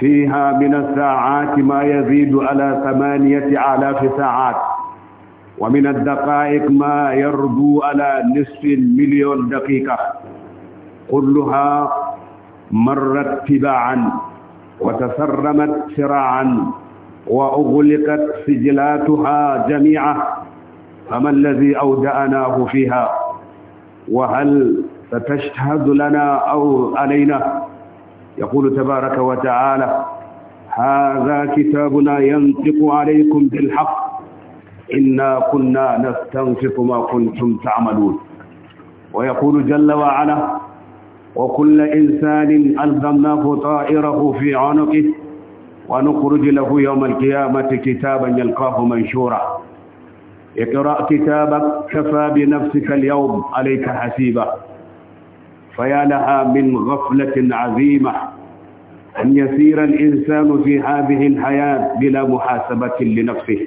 فيها من الساعات ما يزيد على ثمانية آلاف ساعات ومن الدقائق ما يرجو على نصف مليون دقيقة كلها مرت تباعا وتسرمت سراعا وأغلقت سجلاتها جميعا فما الذي أودعناه فيها وهل ستشهد لنا أو علينا يقول تبارك وتعالى هذا كتابنا ينطق عليكم بالحق إنا كنا نستنفق ما كنتم تعملون ويقول جل وعلا وكل إنسان ألزمناه طائره في عنقه ونخرج له يوم القيامة كتابا يلقاه منشورا اقرأ كتابك كفى بنفسك اليوم عليك حسيبا فيا لها من غفلة عظيمة أن يسير الإنسان في هذه الحياة بلا محاسبة لنفسه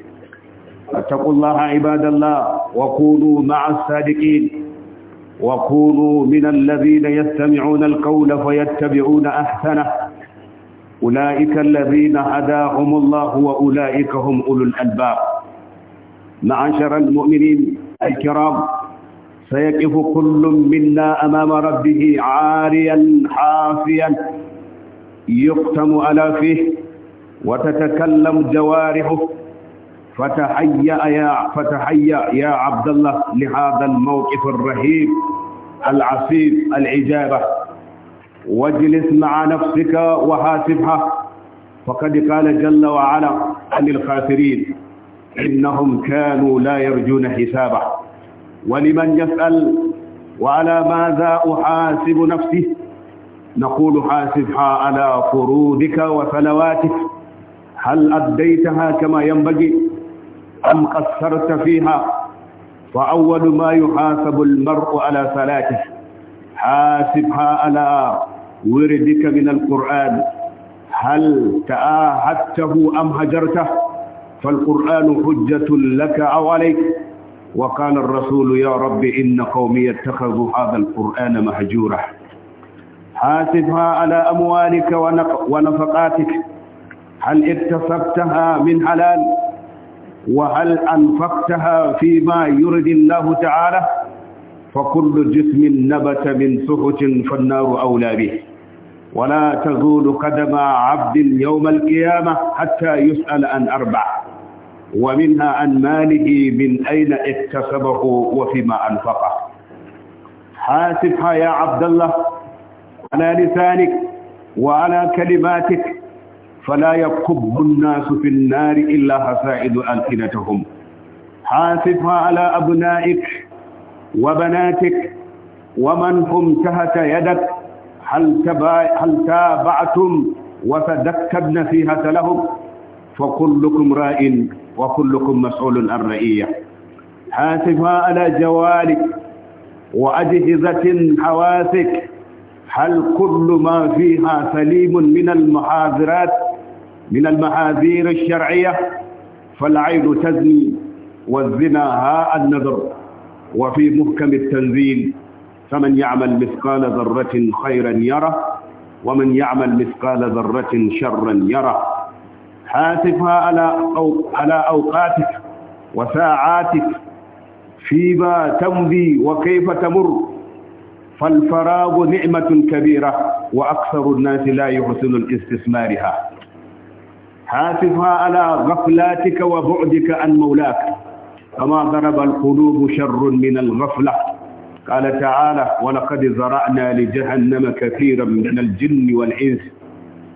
فاتقوا الله عباد الله وكونوا مع الصادقين وكونوا من الذين يستمعون القول فيتبعون أحسنه أولئك الذين هداهم الله وأولئك هم أولو الألباب معاشر المؤمنين الكرام سيقف كل منا أمام ربه عاريا حافيا يقتم على فيه وتتكلم جوارحه فتحيأ يا فتحيأ يا عبد الله لهذا الموقف الرهيب العصيب العجابة واجلس مع نفسك وحاسبها فقد قال جل وعلا عن الخاسرين إنهم كانوا لا يرجون حسابه ولمن يسأل وعلى ماذا أحاسب نفسي نقول حاسبها على فروضك وصلواتك هل أديتها كما ينبغي أم قصرت فيها فأول ما يحاسب المرء على صلاته حاسبها على وردك من القرآن هل تآهدته أم هجرته فالقرآن حجة لك أو عليك وقال الرسول يا رب إن قومي اتخذوا هذا القرآن مهجورا حاسبها على أموالك ونفقاتك هل اكتسبتها من حلال وهل أنفقتها فيما يرد الله تعالى فكل جسم نبت من سهج فالنار أولى به ولا تزول قدم عبد يوم القيامة حتى يسأل عن أربعه ومنها عن ماله من أين اكتسبه وفيما أنفقه حاسبها يا عبد الله على لسانك وعلى كلماتك فلا يكب الناس في النار إلا حسائد ألسنتهم حاسبها على أبنائك وبناتك ومن هم تحت يدك هل, تبا هل تابعتم وصدقت فيها لهم فكلكم راء وكلكم مسؤول عن رئية حاسفا على جوالك وأجهزة حواسك هل كل ما فيها سليم من المحاذرات من المحاذير الشرعية فالعين تزني والزنا هاء النذر وفي محكم التنزيل فمن يعمل مثقال ذرة خيرا يره ومن يعمل مثقال ذرة شرا يره حاسبها على أو على أوقاتك وساعاتك فيما تمضي وكيف تمر فالفراغ نعمة كبيرة وأكثر الناس لا يحسن الاستثمارها حاسبها على غفلاتك وبعدك عن مولاك كما ضرب القلوب شر من الغفلة قال تعالى ولقد زرعنا لجهنم كثيرا من الجن والإنس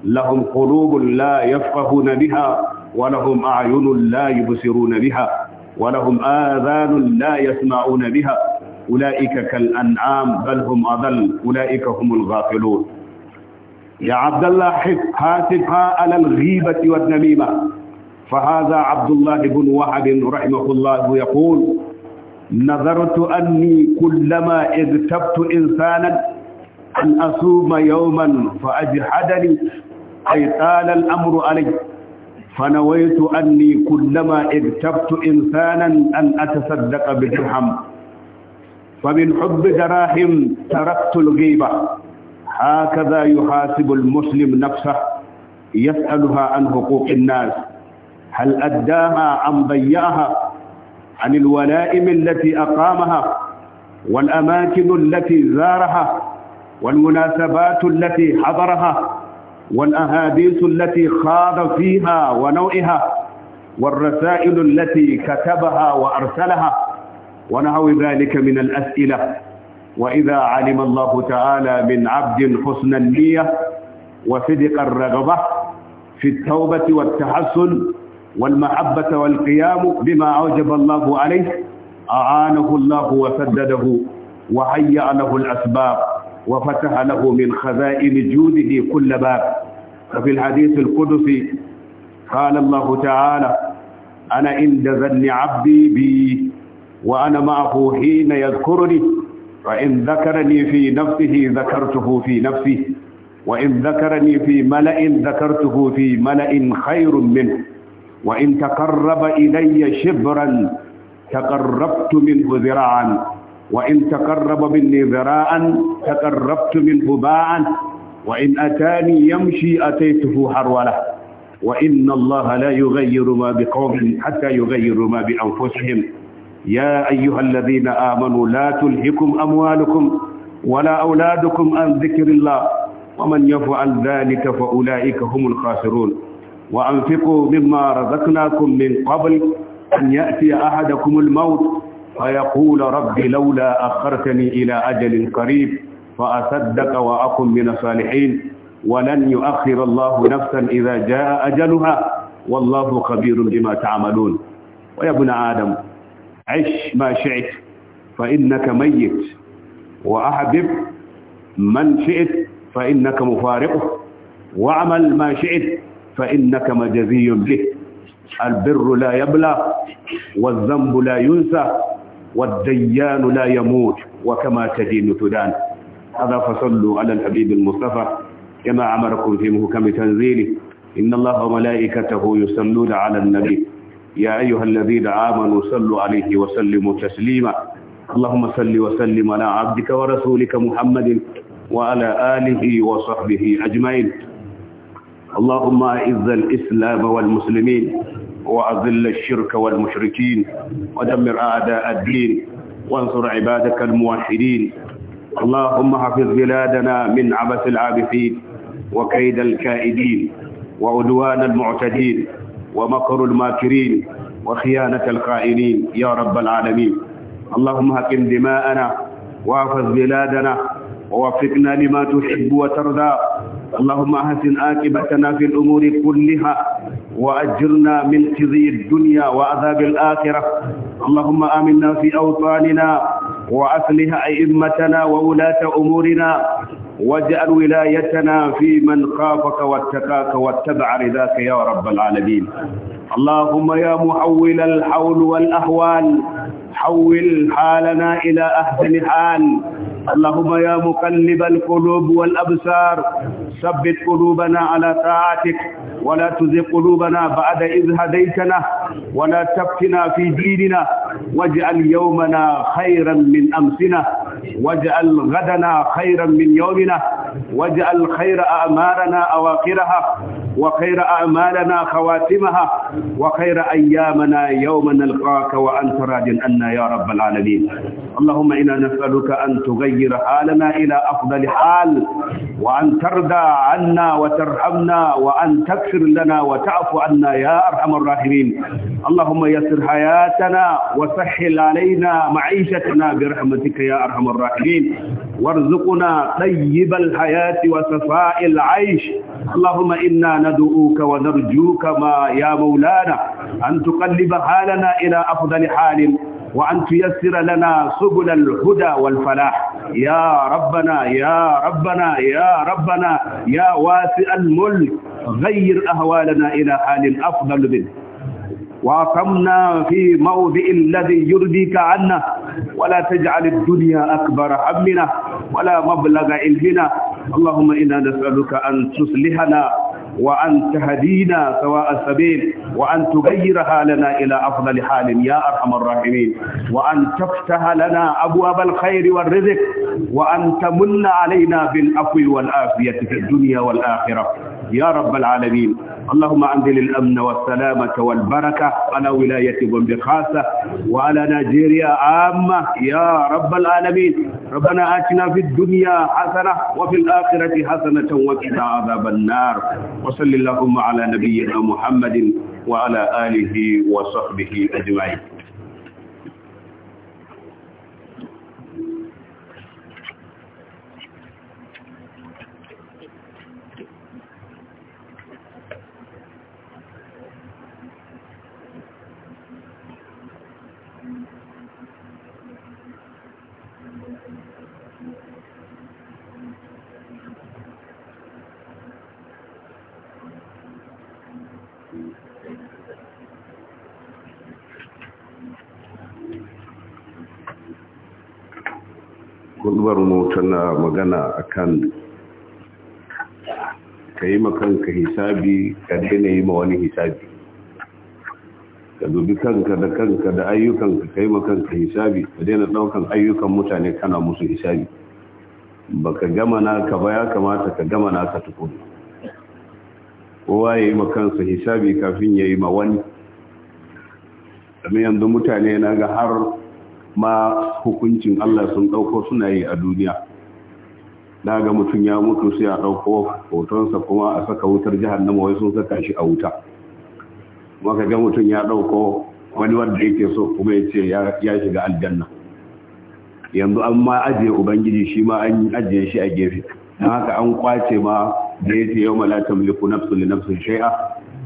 لهم قلوب لا يفقهون بها ولهم أعين لا يبصرون بها ولهم آذان لا يسمعون بها أولئك كالأنعام بل هم أضل أولئك هم الغافلون يا عبد الله حف حاسبها على الغيبة والنميمة فهذا عبد الله بن وهب رحمه الله يقول نظرت أني كلما اغتبت إنسانا أن أصوم يوما فأجحدني أي طال الأمر علي فنويت أني كلما اغتبت إنسانا أن أتصدق بدرهم فمن حب دراهم تركت الغيبة هكذا يحاسب المسلم نفسه يسألها عن حقوق الناس هل أداها أم ضيعها عن الولائم التي أقامها والأماكن التي زارها والمناسبات التي حضرها والأحاديث التي خاض فيها ونوعها والرسائل التي كتبها وأرسلها ونحو ذلك من الأسئلة وإذا علم الله تعالى من عبد حسن النية وصدق الرغبة في التوبة والتحسن والمحبة والقيام بما أوجب الله عليه أعانه الله وسدده وهيأ له الأسباب وفتح له من خزائن جوده كل باب ففي الحديث القدسي قال الله تعالى أنا عند ذن عبدي بي وأنا معه حين يذكرني فإن ذكرني في نفسه ذكرته في نفسي وإن ذكرني في ملأ ذكرته في ملأ خير منه وإن تقرب إلي شبرا تقربت منه ذراعا وإن تقرب مني ذراعا تقربت منه باعا وإن أتاني يمشي أتيته حرولة وإن الله لا يغير ما بقوم حتى يغيروا ما بأنفسهم يا أيها الذين آمنوا لا تلهكم أموالكم ولا أولادكم عن ذكر الله ومن يفعل ذلك فأولئك هم الخاسرون وأنفقوا مما رزقناكم من قبل أن يأتي أحدكم الموت فيقول رب لولا أخرتني إلى أجل قريب فأصدق وأكن من الصالحين ولن يؤخر الله نفسا إذا جاء أجلها والله خبير بما تعملون ويا ابن آدم عش ما شئت فإنك ميت وأحبب من شئت فإنك مفارقه واعمل ما شئت فإنك مجزي به البر لا يبلى والذنب لا ينسى والديان لا يموت وكما تدين تدان هذا فصلوا على الحبيب المصطفى كما عمركم في مهكم تنزيله إن الله وملائكته يصلون على النبي يا أيها الذين آمنوا صلوا عليه وسلموا تسليما اللهم صل وسلم على عبدك ورسولك محمد وعلى آله وصحبه أجمعين اللهم أعز الإسلام والمسلمين وأذل الشرك والمشركين ودمر أعداء الدين وانصر عبادك الموحدين اللهم حفظ بلادنا من عبث العابثين وكيد الكائدين وعدوان المعتدين ومكر الماكرين وخيانة الخائنين يا رب العالمين اللهم هكم دماءنا واحفظ بلادنا ووفقنا لما تحب وترضى اللهم أحسن عاقبتنا في الأمور كلها وأجرنا من خزي الدنيا وعذاب الآخرة اللهم آمنا في أوطاننا وأصلح أئمتنا وولاة أمورنا واجعل ولايتنا في من خافك واتقاك واتبع رضاك يا رب العالمين اللهم يا محول الحول والأحوال حول حالنا إلى أحسن حال اللهم يا مقلب القلوب والأبصار ثبت قلوبنا على طاعتك ولا تزغ قلوبنا بعد إذ هديتنا ولا تفتنا في ديننا واجعل يومنا خيرا من أمسنا واجعل غدنا خيرا من يومنا واجعل خير أعمالنا أواخرها وخير أعمالنا خواتمها وخير أيامنا يوم نلقاك وأنت راج أنا يا رب العالمين اللهم إنا نسألك أن تغير حالنا إلى أفضل حال وأن ترضى عنا وترحمنا وأن تكفر لنا وتعفو عنا يا أرحم الراحمين اللهم يسر حياتنا وسهل علينا معيشتنا برحمتك يا أرحم الراحمين وارزقنا طيب الحياة وصفاء العيش اللهم إنا ندعوك ونرجوك ما يا مولانا أن تقلب حالنا إلى أفضل حال وأن تيسر لنا سبل الهدى والفلاح يا ربنا يا ربنا يا ربنا يا واسع الملك غير أهوالنا إلى حال أفضل منه وأقمنا في موضع الذي يرضيك عنا ولا تجعل الدنيا أكبر همنا ولا مبلغ علمنا اللهم إنا نسألك أن تصلحنا وأن تهدينا سواء السبيل وأن تغيرها لنا إلى أفضل حال يا أرحم الراحمين وأن تفتح لنا أبواب الخير والرزق وأن تمن علينا بالعفو والعافية في الدنيا والآخرة يا رب العالمين اللهم أنزل الأمن والسلامة والبركة على ولاية بومبي خاصة وعلى نيجيريا عامة يا رب العالمين ربنا آتنا في الدنيا حسنة وفي الآخرة حسنة وقنا عذاب النار وصل اللهم على نبينا محمد وعلى آله وصحبه أجمعين hudubar mu tana magana akan ka yi makanka hisabi ka daina yi ma wani hisabi ka dubi kanka da kanka da ayyukanka ka yi makanka hisabi ka daina daukan ayyukan mutane kana musu hisabi baka gama naka ba ya kamata ka gama naka tukuru. kowa ya yi makansa hisabi kafin ya yi ma wani amma yanzu mutane na ga har ma hukuncin Allah sun ɗauko suna yi a duniya daga mutum ya mutu sai a ɗauko hotonsa kuma a saka wutar jahannama wai sun saka shi a wuta maka ga mutum ya ɗauko wani wanda yake so kuma ya ce ya shiga aljanna yanzu an ma ajiye ubangiji shi ma an ajiye shi a gefe don haka an kwace ma da ya ce yau malatan liku nafsu li Nafsin shai'a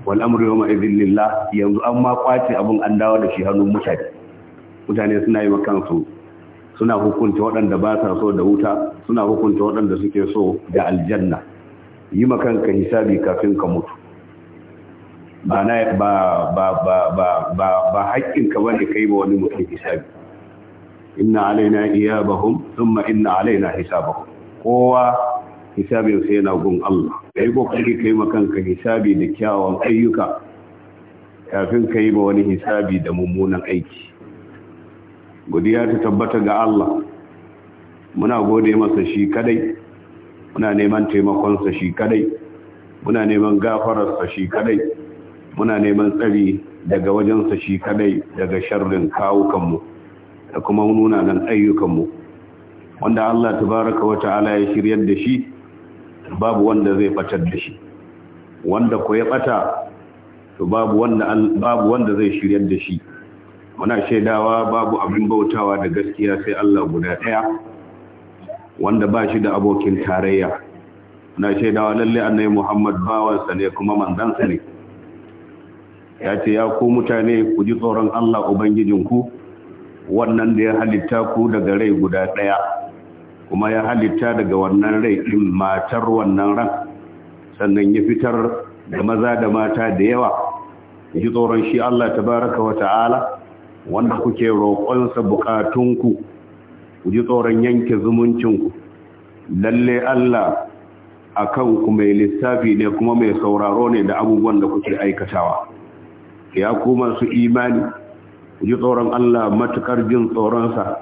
wal amru yawma idhin lillah yanzu an ma kwace abun an dawo da shi hannun mutane mutane suna yi wa kansu suna hukunta waɗanda ba sa so da wuta suna hukunta waɗanda suke so da aljanna yi ma ka hisabi kafin ka mutu ba na ba ba ba ba ba ba haƙƙin ka bane kai ba wani mutum hisabi inna alaina iyabahum thumma inna alaina hisabahum kowa hisabin sai yana gun Allah kai kokari yi ma ka hisabi da kyawawan ayyuka kafin ka yi ba wani hisabi da mummunan aiki godiya ta tabbata ga Allah muna gode masa shi kadai muna neman taimakonsa shi kadai muna neman gafararsa shi kadai muna neman tsari daga wajensa shi kadai daga sharrin kawukanmu da kuma nuna ayyukan ayyukanmu wanda Allah tabaaraka wa ta'ala ya shiryar da shi babu wanda zai batar da shi wanda ko ya bata to babu wanda babu wanda zai shiryar da shi muna shaidawa babu abin bautawa da gaskiya sai Allah guda ɗaya wanda ba shi da abokin tarayya muna shaidawa lalle annai Muhammad bawansa ne kuma manzansa ne ya ce ya ku mutane ku ji tsoron Allah ubangijinku wannan da ya halitta ku daga rai guda ɗaya kuma ya halitta daga wannan rai ɗin matar wannan ran sannan ya fitar da maza da mata da yawa ji tsoron shi Allah tabaraka wa ta'ala wanda kuke roƙonsa buƙatunku, ku ji tsoron yanke zumuncin ku. lalle Allah a ku mai lissafi ne kuma mai sauraro ne da abubuwan da kuke aikatawa ya kuma su imani ku ji tsoron Allah matukar jin tsoronsa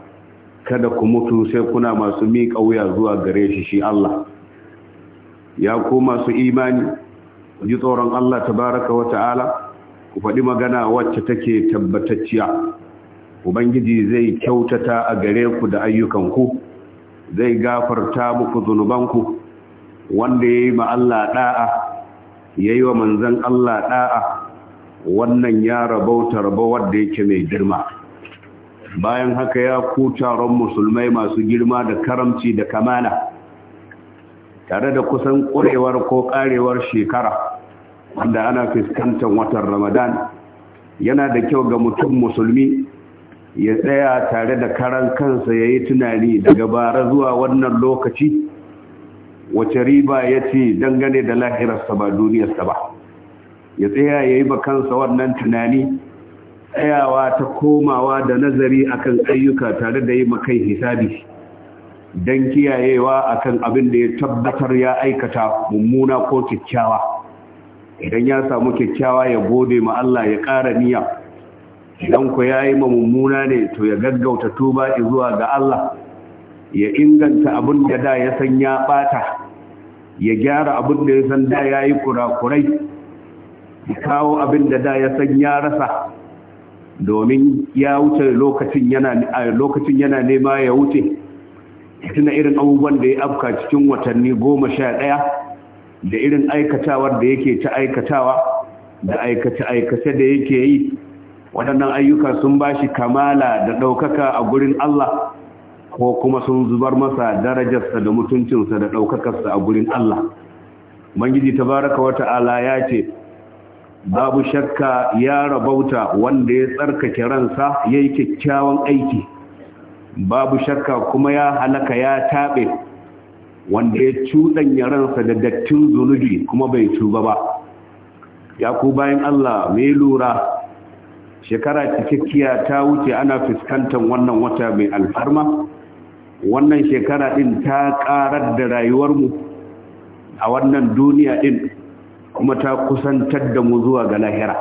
kada ku mutu sai kuna masu miƙa wuya zuwa gare shi shi Allah ya kuma su imani ku ji tsoron Allah tabaraka wa ta'ala ku faɗi magana wacce take tabbatacciya ubangiji zai kyautata a gare ku da ku, zai gafarta muku zunubanku wanda ya yi Allah ɗa'a ya yi wa Manzon Allah ɗa'a wannan ya rabauta rabo wadda yake mai girma bayan haka ya ku taron musulmai masu girma da karamci da kamana tare da kusan ƙurewar ko ƙarewar shekara wanda ana fuskantar watan ramadan yana da kyau ga mutum musulmi ya tsaya tare da karan kansa ya yi tunani daga bara zuwa wannan lokaci wace riba ya ce dangane da lahirarsa ba duniyarsa ba ya tsaya ya yi kansa wannan tunani tsayawa ta komawa da nazari akan ayyuka tare da yi makai hisabi don kiyayewa akan abin da ya tabbatar ya aikata mummuna ko kyakkyawa idan ya samu kyakkyawa ya gode ma Allah ya ƙara niyya idan ku ya ma mummuna ne to ya gaggauta tuba zuwa ga Allah ya inganta abin da da ya san ya bata ya gyara abin da ya san da ya yi kurakurai ya kawo abin da da ya san ya rasa domin ya wuce lokacin yana nema ya wuce tuna irin abubuwan da ya afka cikin watanni goma sha ɗaya da irin aikatawar da yake ta aikatawa da aikace-aikace da yake yi waɗannan ayyuka sun ba shi kamala da ɗaukaka a gurin Allah ko kuma sun zubar masa darajarsa da mutuncinsa da ɗaukakarsa a gurin Allah. mangiji Tabaraka baraka wata ya ce, babu shakka ya rabauta wanda ya tsarkake ransa ya yi kyakkyawan aiki, babu shakka kuma ya halaka ya taɓe wanda ya cuɗanya ransa da dattin zunubi kuma bai tuba ba ya ku bayan Allah mai lura shekara cikakkiya ta wuce ana fuskantar wannan wata mai alfarma wannan shekara ɗin ta ƙarar da rayuwarmu a wannan duniya ɗin kuma ta kusantar da mu zuwa ga lahira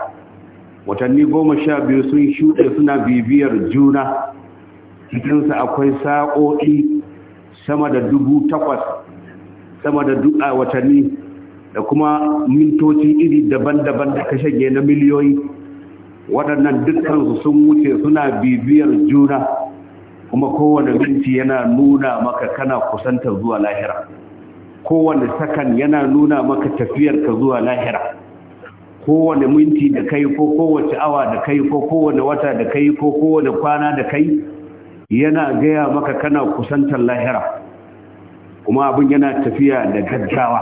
watanni goma sha biyu sun shuɗe suna bibiyar juna cikinsa akwai sa'o'i sama da dubu takwas sama da a watanni da kuma mintoci iri daban-daban da kashe shage na miliyoyi waɗannan dukkansu sun wuce suna bibiyar juna kuma kowane minti yana nuna maka kana kusantar zuwa lahira kowane sakan yana nuna maka tafiyarka zuwa lahira kowane minti da kai ko kowace awa da kai ko kowane wata da kai ko kowane kwana da kai yana gaya maka kana kusantar lahira kuma abin yana tafiya da gaggawa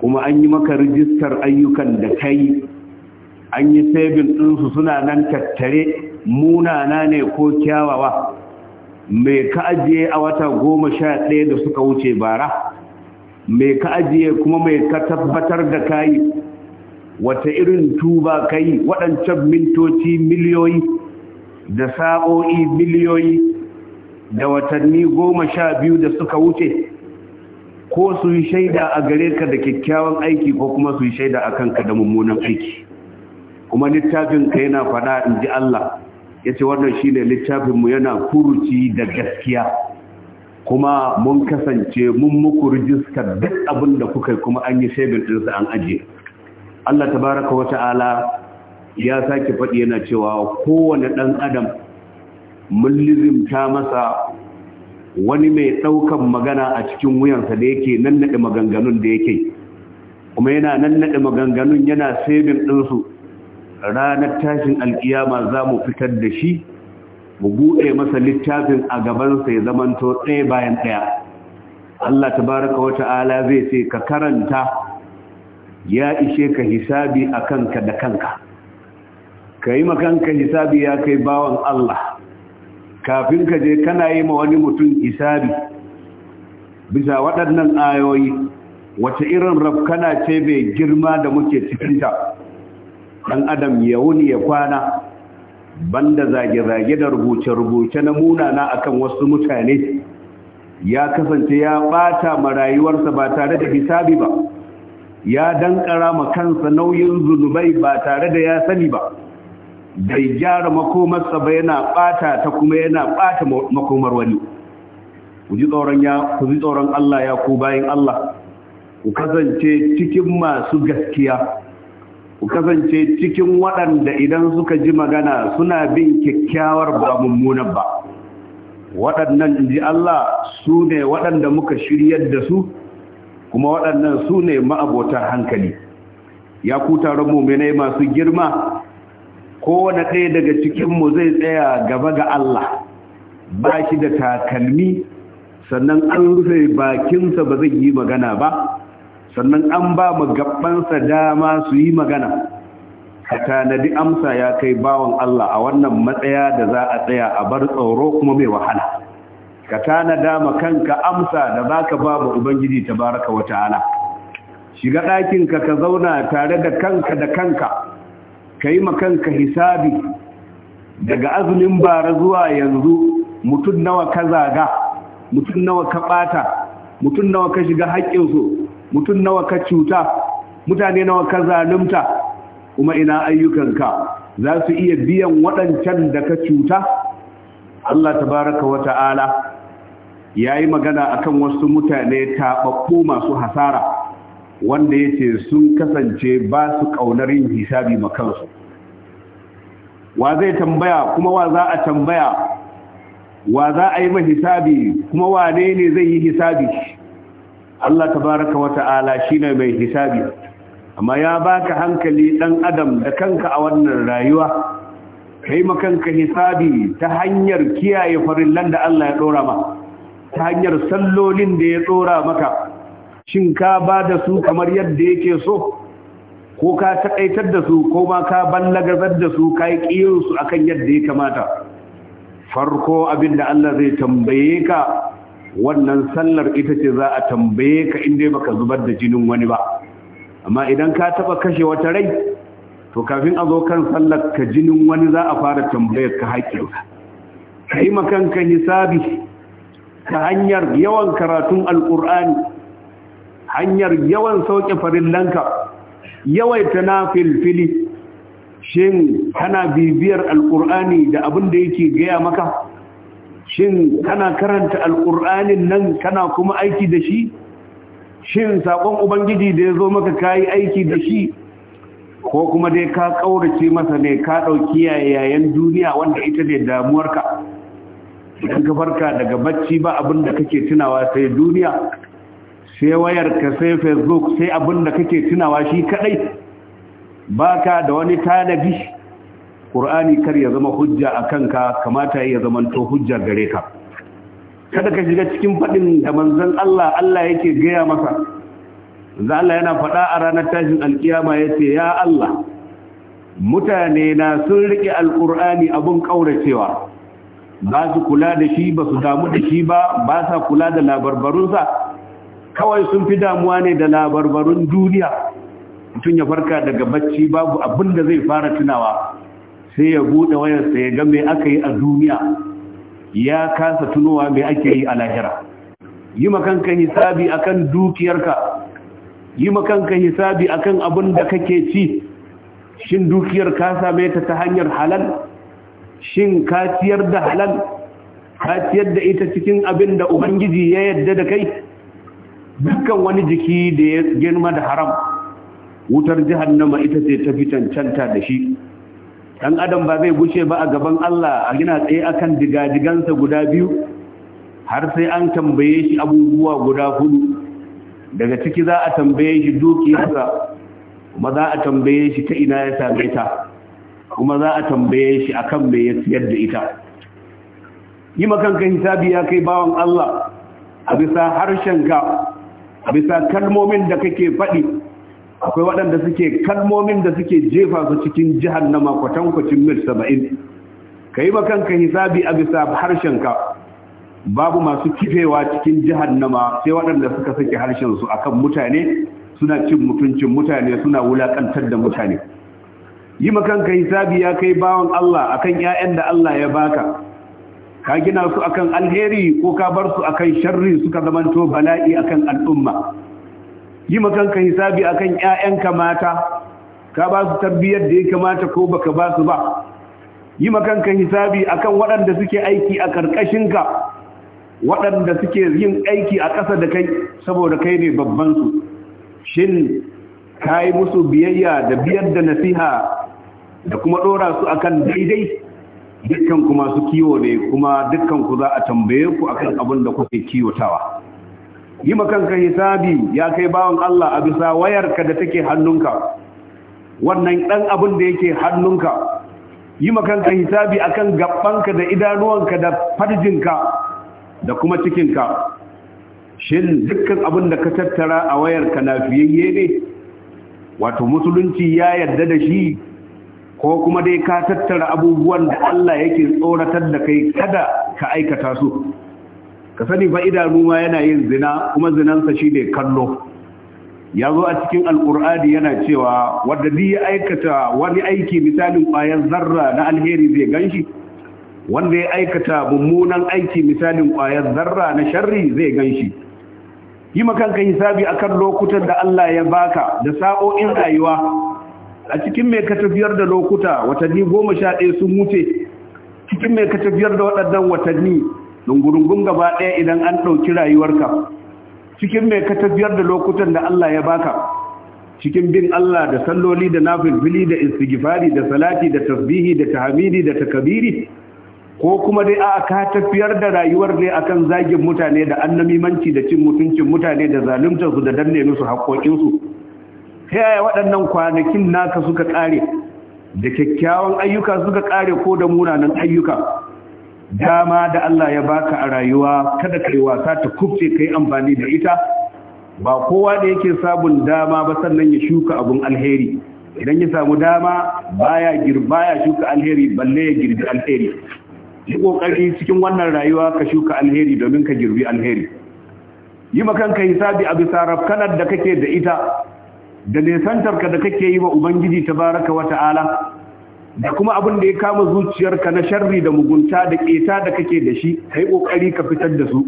kuma an yi maka rijistar ayyukan da ka yi an yi sabin ɗinsu suna nan tattare munana ne ko kyawawa mai ka ajiye a wata goma sha ɗaya da suka wuce bara mai ka ajiye kuma mai ka tabbatar da kayi wata irin tuba kayi waɗancan mintoci miliyoyi da sa'o'i biliyoyi da watanni goma sha biyu da suka wuce ko su yi shaida a gare ka da kyakkyawan aiki ko kuma su yi shaida a kanka da mummunan aiki kuma littafin ka yana faɗa in ji Allah ya ce wannan shi ne littafinmu yana furuci da gaskiya kuma mun kasance mun muku rijistar duk abin da kuka kuma an yi shaibin ɗinsa an ajiye Allah tabaraka Wata'ala. ala ya sake faɗi yana cewa kowane ɗan adam mun ta masa wani mai ɗaukan magana a cikin wuyansa da yake nannaɗe maganganun da yake kuma yana nannaɗe maganganun yana sebin ɗinsu ranar tashin alkiyama za mu fitar da shi mu buɗe masa littafin a gabansa ya zamanto ɗaya bayan ɗaya Allah tabaraka wa ta'ala zai ce ka karanta ya ishe ka hisabi a kanka da kanka ka yi makanka hisabi ya kai bawan Allah kafin ka je kana yi ma wani mutum hisabi bisa waɗannan ayoyi wace irin rafkana ce mai girma da muke cikinta ɗan adam ya wuni ya kwana banda zage-zage da rubuce-rubuce na munana akan wasu mutane ya kasance ya ɓata ma rayuwarsa ba tare da hisabi ba ya dankara ma kansa nauyin zunubai ba tare da ya sani ba bai gyara makomarsa ba yana ɓata ta kuma yana bata makomar wani ku ji tsoron Allah ya ku bayan Allah ku kasance cikin masu gaskiya ku kasance cikin waɗanda idan suka ji magana suna bin kyakkyawar ba mummunan ba waɗannan ji Allah su ne waɗanda muka shirya da su kuma waɗannan su ne ma'abotar hankali ya ku taron mummunai masu girma kowane ɗaya daga cikinmu zai tsaya gaba ga Allah ba shi da takalmi sannan an rufe bakinsa ba zai yi magana ba sannan an ba mu gabbansa dama su yi magana ka tanadi amsa ya kai bawon Allah a wannan matsaya da za a tsaya a bar tsoro kuma mai wahala ka tanada ma kanka amsa da za ka ba mu Ubangiji ta baraka wa ta'ala shiga ɗakinka ka zauna tare da kanka da kanka ka yi makanka hisabi daga azumin bara zuwa yanzu mutum nawa ka zaga mutum nawa ka ɓata mutum nawa ka shiga haƙƙinsu mutum nawa ka cuta mutane nawa ka zalunta kuma ina ayyukanka za su iya biyan waɗancan da ka cuta Allah tabaraka wa ta'ala ya yi magana akan wasu mutane taɓaɓɓu masu hasara wanda ya ce sun kasance ba su ƙaunar yin hisabi makansu wa zai tambaya kuma wa za a tambaya wa za a yi mahisabi kuma wa ne ne zai yi hisabi Allah tabaraka Wata'ala shi shine mai hisabi amma ya baka hankali ɗan adam da kanka a wannan rayuwa kai makanka hisabi ta hanyar kiyaye farillan da Allah ya dora ma ta hanyar sallolin da ya ɗora maka shin ka ba da su kamar yadda yake so ko ka taƙaitar da su ko ma ka ballagazar da su ka yi ƙiyarsu a kan yadda ya kamata farko abin da Allah zai tambaye ka wannan sallar ita ce za a tambaye ka inda baka zubar da jinin wani ba amma idan ka taɓa kashe wata rai to kafin a zo kan sallar ka jinin wani za a fara tambayar ka haƙƙinka ka yi makanka hisabi ta hanyar yawan karatun alƙur'ani hanyar yawan sauke farillanka yawaita na filfili shin kana bibiyar Alƙur'ani da abin da yake gaya maka shin kana karanta alkur'anin nan kana kuma aiki da shi shin saƙon ubangiji da ya zo maka kayi aiki da shi ko kuma dai ka ƙaurace masa ne ka ɗauki yayayen duniya wanda ita ne damuwarka idan ka farka daga bacci ba abin da kake tunawa sai duniya sai ka sai facebook sai abin da kake tunawa shi kadai baka da wani tanadi qur'ani kar ya zama hujja a ka kamata ya zama to hujja gare ka kada ka shiga cikin fadin da manzon Allah Allah yake gaya masa manzon Allah yana faɗa a ranar tashin alkiyama yace ya Allah mutane na sun rike alqur'ani abun kauracewa ba su kula da shi ba su damu da shi ba ba sa kula da labarbarunsa kawai sun fi damuwa ne da labarbarun duniya mutum ya farka daga bacci babu abin da zai fara tunawa sai ya buɗe wayarsa ya ga mai aka yi a duniya ya kasa tunowa mai ake yi a lahira yi makanka hisabi akan dukiyarka yi makanka hisabi akan abin da kake ci shin dukiyar ka same ta ta hanyar halal shin ka ciyar da halal ka ciyar da ita cikin abin da ubangiji ya yarda da kai dukkan wani jiki da ya girma da haram wutar jahannama ita ce ta fi cancanta da shi ɗan adam ba zai bushe ba a gaban Allah a gina tsaye akan digadigansa guda biyu har sai an tambaye shi abubuwa guda hudu daga ciki za a tambaye shi dukiyarsa kuma za a tambaye shi ta ina ya same ta kuma za a tambaye shi akan me ya siyar da ita yi makanka hisabi ya kai bawan Allah a bisa harshen ka. bisa kalmomin da kake faɗi akwai waɗanda suke kalmomin da suke jefa su cikin makwatan kwacin mil saba'in ka yi kanka hisabi a bisa harshenka babu masu kifewa cikin jihar ma sai waɗanda suka sake harshensu akan mutane suna cin mutuncin mutane suna wulaƙantar da mutane yi kanka hisabi ya kai bawan Allah akan 'ya'yan da Allah ya baka ka gina su akan alheri ko ka bar su akan sharri suka zamanto bala'i akan al'umma yi makanka hisabi akan ƴaƴanka mata ka ba su tarbiyyar da ya kamata ko baka ba su ba yi makanka hisabi akan waɗanda suke aiki a ka waɗanda suke yin aiki a ƙasa da kai saboda kai ne babban su shin ka yi musu biyayya da biyar da nasiha da kuma ɗora su akan daidai dukkan ku masu kiwo ne kuma dukkan ku za a tambaye ku akan abin da kuke kiwotawa yi makanka hisabi ya kai bawan Allah a bisa wayarka da take hannunka wannan dan abin da yake hannunka yi makanka hisabi akan gabbanka da idanuwanka da farjinka da kuma cikinka shin dukkan abin da ka tattara a wayarka na fiyayye ne wato musulunci ya yarda da shi ko kuma dai ka tattara abubuwan da Allah yake tsoratar da kai kada ka aikata su ka sani fa idanu ma yana yin zina kuma zinansa shi ne kallo ya zo a cikin alkur'ani yana cewa wadda duk ya aikata wani aiki misalin ƙwayar zarra na alheri zai ganshi wanda ya aikata mummunan aiki misalin ƙwayar zarra na sharri zai ganshi yi makanka hisabi akan lokutan da Allah ya baka da sa'o'in rayuwa a cikin mai ka tafiyar da lokuta watanni goma sha ɗaya sun wuce cikin mai ka tafiyar da waɗannan watanni dungurungun gaba ɗaya idan an ɗauki rayuwarka cikin mai ka tafiyar da lokutan da Allah ya baka cikin bin Allah da salloli da nafilfili da istighfari da salati da tasbihi da tahmidi da takabiri ko kuma dai a ka tafiyar da rayuwar ne akan zagin mutane da annamimanci da cin mutuncin mutane da zaluntar da danne musu haƙoƙinsu ta yaya waɗannan kwanakin naka suka ƙare da kyakkyawan ayyuka suka ƙare ko da munanan ayyuka dama da Allah ya baka a rayuwa kada kai wasa ta kufce yi amfani da ita ba kowa da yake sabon dama ba sannan ya shuka abun alheri idan ya samu dama baya ya shuka alheri balle ya girbi alheri yi kokari cikin wannan rayuwa ka shuka alheri domin ka girbi alheri yi makanka hisabi a bisa rafkanar da kake da ita da nesantarka da kake yi wa ubangiji tabaraka wa ta'ala da kuma abin da ya kama zuciyarka na sharri da mugunta da keta da kake da shi kai kokari ka fitar da su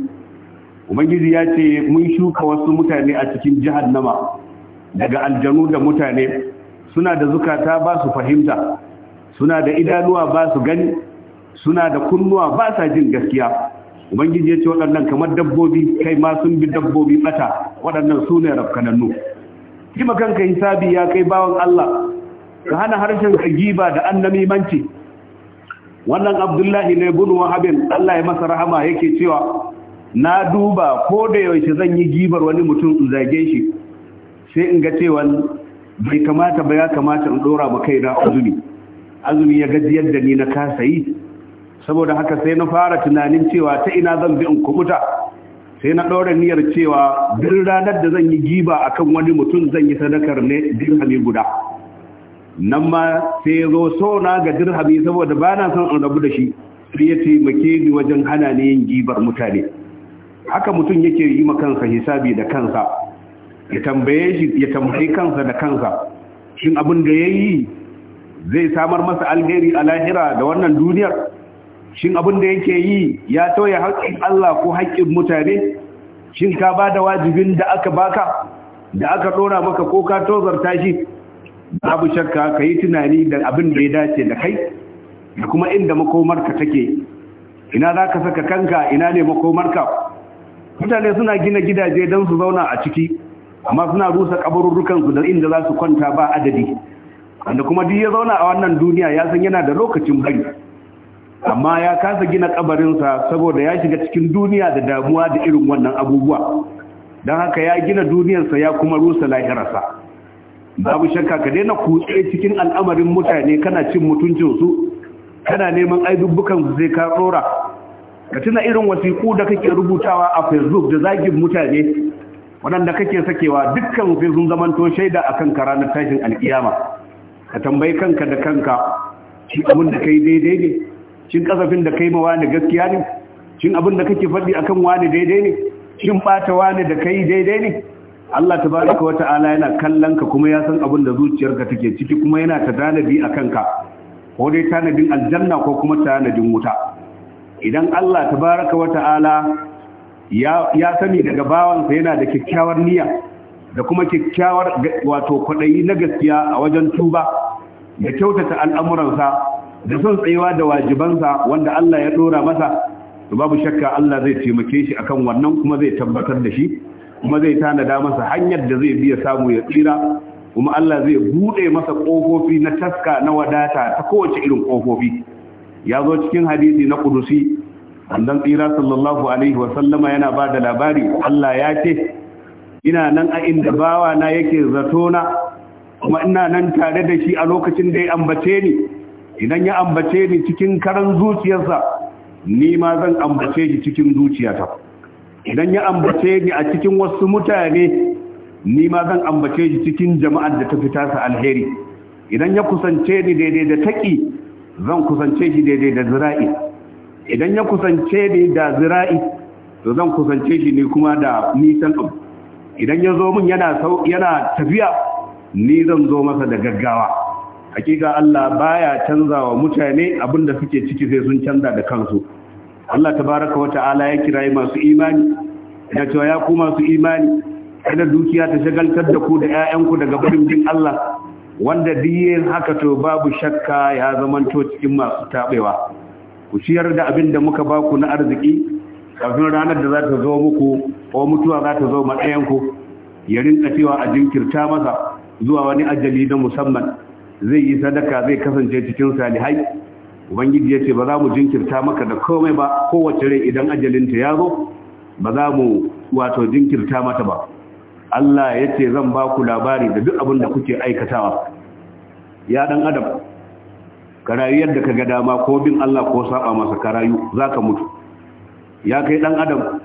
ubangiji ya ce mun shuka wasu mutane a cikin jahannama daga aljanu da mutane suna da zukata ba su fahimta suna da idanuwa ba su gani suna da kunnuwa ba sa jin gaskiya ubangiji ya ce waɗannan kamar dabbobi kai ma sun bi dabbobi bata waɗannan su ne rafkanannu yi kanka hisabi ya kai bawon Allah ka hana harshen ka giba da manci. wannan abdullahi ne bin wahabin Allah ya masa rahama yake cewa na duba ko da yaushe zan yi gibar wani mutum in zage shi sai in ga cewa bai kamata ba ya kamata in dora ma na azumi azumi ya gajiyar da ni na kasa yi saboda haka sai na fara tunanin cewa ta ina zan bi in kubuta sai na ɗaura niyyar cewa duk ranar da zan yi giba a kan wani mutum zan yi sadakar ne dirhami guda nan ma sai ya zo so na ga dirhami saboda ba na son in rabu da shi sai ya taimake ni wajen hana ni yin gibar mutane haka mutum yake yi ma kansa hisabi da kansa ya tambaye shi ya tambaye kansa da kansa shin abin da ya yi zai samar masa alheri a lahira da wannan duniyar shin abin da yake yi ya tauye haƙƙin Allah ko haƙƙin mutane shin ka ba da wajibin da aka baka da aka ɗora maka ko ka tozarta shi babu shakka ka yi tunani da abin da ya dace da kai da kuma inda makomarka take ina za ka saka kanka ina ne makomarka mutane suna gina gidaje don su zauna a ciki amma suna rusa ƙabarurrukansu da inda za su kwanta ba adadi wanda kuma duk ya zauna a wannan duniya ya san yana da lokacin bari amma ya kasa gina kabarinsa saboda ya shiga cikin duniya da damuwa da irin wannan abubuwa don haka ya gina duniyarsa ya kuma rusa lahirarsa babu shakka ka daina kutse cikin al'amarin mutane kana cin mutuncinsu kana neman aibubbukansu sai ka tsora ka tuna irin wasiƙu da kake rubutawa a facebook da zagin mutane waɗanda kake sakewa dukkan fesun zaman zamanto shaida a kanka ranar tashin alkiyama ka tambayi kanka da kanka shi abin da kai daidai ne shin kasafin da kai ma wani gaskiya ne shin abin da kake faɗi akan wani daidai ne shin bata wani da kai daidai ne Allah tabaraka wa ta'ala yana kallon ka kuma ya san abin da zuciyarka take ciki kuma yana ta tanadi akan ka ko dai tanadin aljanna ko kuma tanadin wuta idan Allah tabaraka wa ta'ala ya ya sani daga bawansa yana da kyakkyawar niyya da kuma kyakkyawar wato kwaɗayi na gaskiya a wajen tuba da kyautata al'amuransa da son tsayuwa da wajibansa wanda Allah ya dora masa to babu shakka Allah zai taimake shi akan wannan kuma zai tabbatar da shi kuma zai tanada masa hanyar da zai biya samu ya tsira kuma Allah zai bude masa kofofi na taska na wadata ta kowace irin kofofi ya zo cikin hadisi na kudusi annan tsira sallallahu alaihi wa sallama yana ba da labari Allah ya ce ina nan a inda bawa na yake zato na kuma ina nan tare da shi a lokacin da ya ambace ni idan ya ambace ni cikin karan zuciyarsa ni ma zan ambace shi cikin zuciyata idan ya ambace ni a cikin wasu mutane ni ma zan ambace shi cikin jama'ar da ta fita sa alheri idan ya kusance ni daidai da taki zan kusance shi daidai da zira'i idan ya kusance ni da zira'i to zan kusance shi ne kuma da nisan abu idan ya zo min yana tafiya ni zan zo masa da gaggawa hakika Allah baya canzawa mutane abinda suke ciki sai sun canza da kansu Allah tabaraka wa ta'ala ya kirayi masu imani ya cewa ya ku masu imani kada dukiya ta shagaltar da ku da ƴaƴanku daga barin din Allah wanda diyen haka to babu shakka ya to cikin masu tabewa ku ciyar da abin da muka ba ku na arziki kafin ranar da za ta zo muku ko mutuwa za ta zo ma ya rinka cewa a jinkirta masa zuwa wani ajali na musamman zai yi sadaka zai kasance cikin salihai ubangiji ya ce ba za mu jinkirta maka da komai ba kowace rai idan ajalinta ya zo ba za mu wato jinkirta mata ba Allah ya ce zan ba ku labari da duk abin da kuke aikatawa ya dan adam ka rayu yadda ka ga dama ko bin Allah ko saba masa ka rayu za ka mutu ya kai dan adam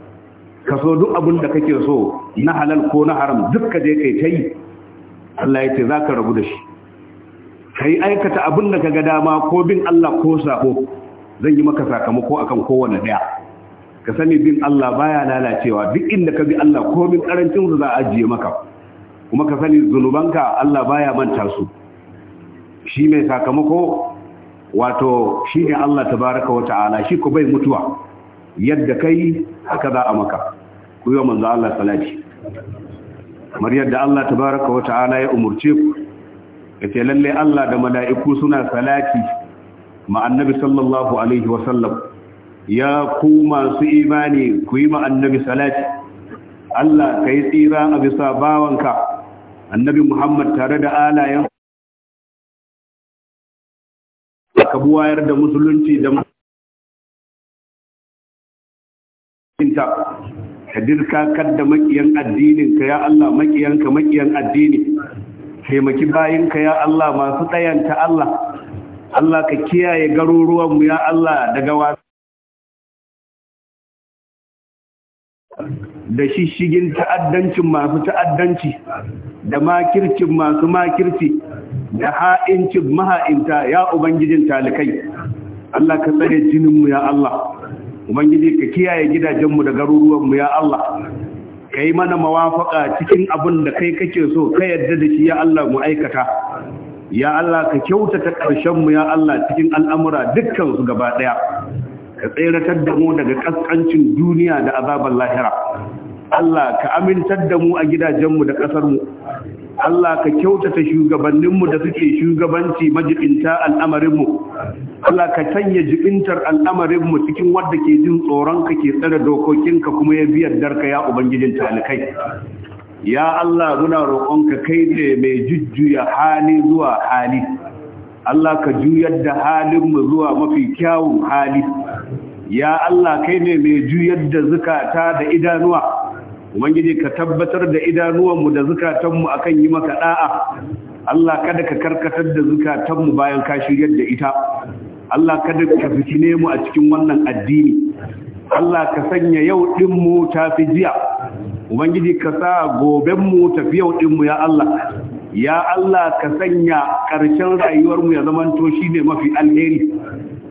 ka so duk abin da kake so na halal ko na haram duk ka je kai ta Allah ya ce za ka rabu da shi ka yi aikata abin da ka ga dama ko bin Allah ko sako zan yi maka sakamako akan kowane daya ka sani bin Allah baya lalacewa duk inda ka bi Allah ko bin karancin su za a ajiye maka kuma ka sani zunubanka Allah baya manta su shi mai sakamako wato shi ne Allah tabaraka wa ta'ala shi ko bai mutuwa yadda kai haka za a maka ku yi wa manzo Allah salati kamar yadda Allah tabaraka wa ta'ala ya umarci ku yace lalle Allah da mala'iku suna salati ma annabi sallallahu alaihi wa sallam ya ku masu imani ku yi ma annabi salati Allah kai tsira a bisa bawanka annabi Muhammad tare da alayen ka buwayar da musulunci da musulunta ka dirka kadda makiyan addinin ka ya Allah makiyanka makiyan addini taimaki ka ya Allah masu tsayanta Allah Allah ka kiyaye garuruwanmu ya Allah daga wasu da shishigin ta'addancin masu ta'addanci da makircin masu makirci da ha'incin maha'inta ya ubangijin talikai Allah ka tsare jininmu ya Allah ubangiji ka kiyaye gidajenmu da garuruwanmu ya Allah ka yi mana mawafaka cikin abin da kai kake so ka yarda da shi ya Allah mu aikata ya Allah ka kyautata ƙarshenmu ya Allah cikin al'amura dukkan su gaba ɗaya ka tseratar da mu daga ƙasƙancin duniya da azabar lahira Allah ka amintar da mu a gidajenmu da ƙasarmu Allah ka kyautata shugabanninmu da suke shugabanci majibinta al'amarinmu Allah ka canya jibintar al'amarin mu cikin wadda ke jin tsoron ka ke tsare dokokinka kuma ya biyar darka ya ubangijin talikai ya Allah muna roƙonka kai ne mai jujjuya hali zuwa hali Allah ka juyar da halinmu zuwa mafi kyawun hali ya Allah kai ne mai juyar da zukata da idanuwa ubangiji ka tabbatar da idanuwanmu da zukatanmu akan yi maka da'a Allah kada ka karkatar da mu bayan ka shiryar da ita Allah kada ka fitine mu a cikin wannan addini Allah ka sanya yau ɗin ta tafi jiya Ubangiji ka sa goben gobenmu tafi yau ɗinmu ya Allah ya Allah ka sanya ƙarshen rayuwarmu ya zamanto shi ne mafi alheri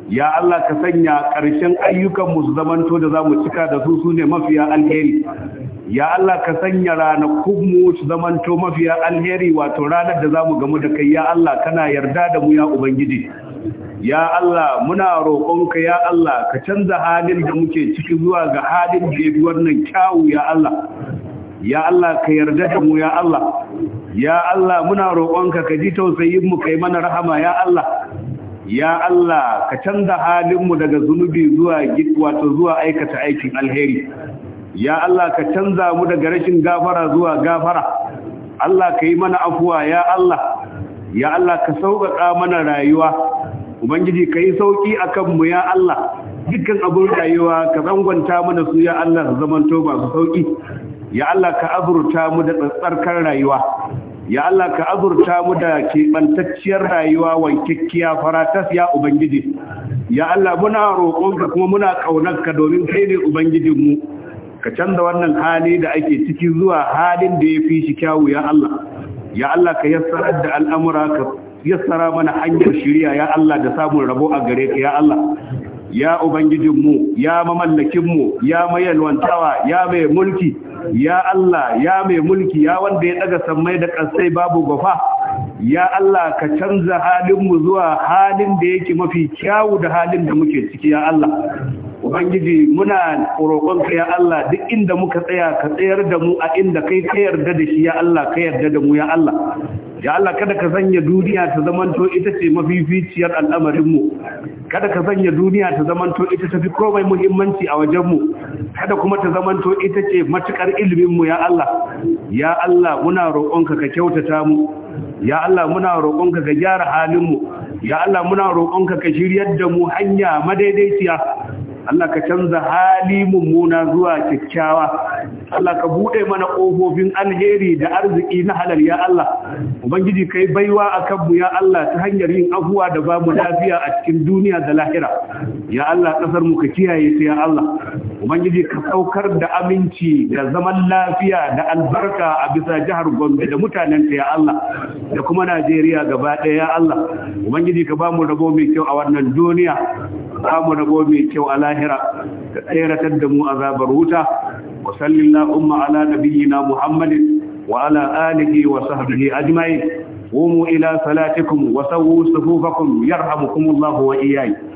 ya Allah ka sanya ƙarshen ayyukanmu su zamanto da za mu cika da su su mafiya alheri ya Allah ka sanya ranakunmu su zamanto mafiya alheri wato ranar da zamu gamu da kai ya Allah kana yarda da mu ya ubangiji ya Allah muna roƙonka ya Allah ka canza halin da muke ciki zuwa ga halin da yafi wannan kyawu ya Allah ya Allah ka yarda da mu ya Allah ya Allah muna roƙonka ka ji tausayin mu kai mana rahama ya Allah ya Allah ka canza halinmu daga zunubi zuwa wato zuwa aikata aikin alheri ya Allah ka canza mu daga rashin gafara zuwa gafara Allah ka yi mana afuwa ya Allah ya Allah ka sauƙaƙa mana rayuwa ubangiji ka yi sauƙi a kanmu ya Allah dukkan abin rayuwa ka zangwanta mana su ya Allah zamanto masu sauƙi ya Allah ka azurta mu da tsarkar rayuwa ya Allah ka azurta mu da kebantacciyar rayuwa wankakkiya faratas ya ubangiji ya Allah muna roƙonka kuma muna ƙaunarka domin kai ne ubangijinmu ka canza wannan hali da ake ciki zuwa halin da ya fi shi kyawu ya Allah ya Allah ka yassara da al'amura ka yassara mana hanyar shirya ya Allah da samun rabo a gare ka ya Allah ya ubangijinmu ya mamallakinmu ya mai yalwantawa ya mai mulki ya Allah ya mai mulki ya wanda ya daga sammai da ƙasai babu gafa ya Allah ka canza halinmu zuwa halin da yake mafi kyawu da halin da muke ciki ya Allah ubangiji muna roƙon ya Allah duk inda muka tsaya ka tsayar da mu a inda kai ka yarda da shi ya Allah ka yarda da mu ya Allah ya Allah kada ka sanya duniya ta zamanto ita ce mafificiyar al'amarin mu kada ka sanya duniya ta zamanto ita ta fi komai muhimmanci a wajen mu kada kuma ta zamanto ita ce matukar ilimin mu ya Allah ya Allah muna roƙonka ka kyautata mu ya Allah muna roƙonka ka gyara halin mu ya Allah muna roƙonka ka shiryar da mu hanya madaidaiciya Allah ka canza hali mummuna zuwa kyakkyawa Allah ka buɗe mana ƙofofin alheri da arziki na halal ya Allah ubangiji kai baiwa a kanmu ya Allah ta hanyar yin afuwa da ba mu lafiya a cikin duniya da lahira ya Allah ƙasar mu ka kiyaye su. ya Allah ubangiji ka saukar da aminci da zaman lafiya da albarka a bisa jihar Gombe da mutanen ta ya Allah da kuma Najeriya gaba ɗaya ya Allah ubangiji ka ba mu rabo mai kyau a wannan duniya ba mu rabo mai kyau a lahira ka tseratar da mu azabar wuta وصل اللهم على نبينا محمد وعلى آله وصحبه أجمعين قوموا إلى صلاتكم وسووا صفوفكم يرحمكم الله وإياي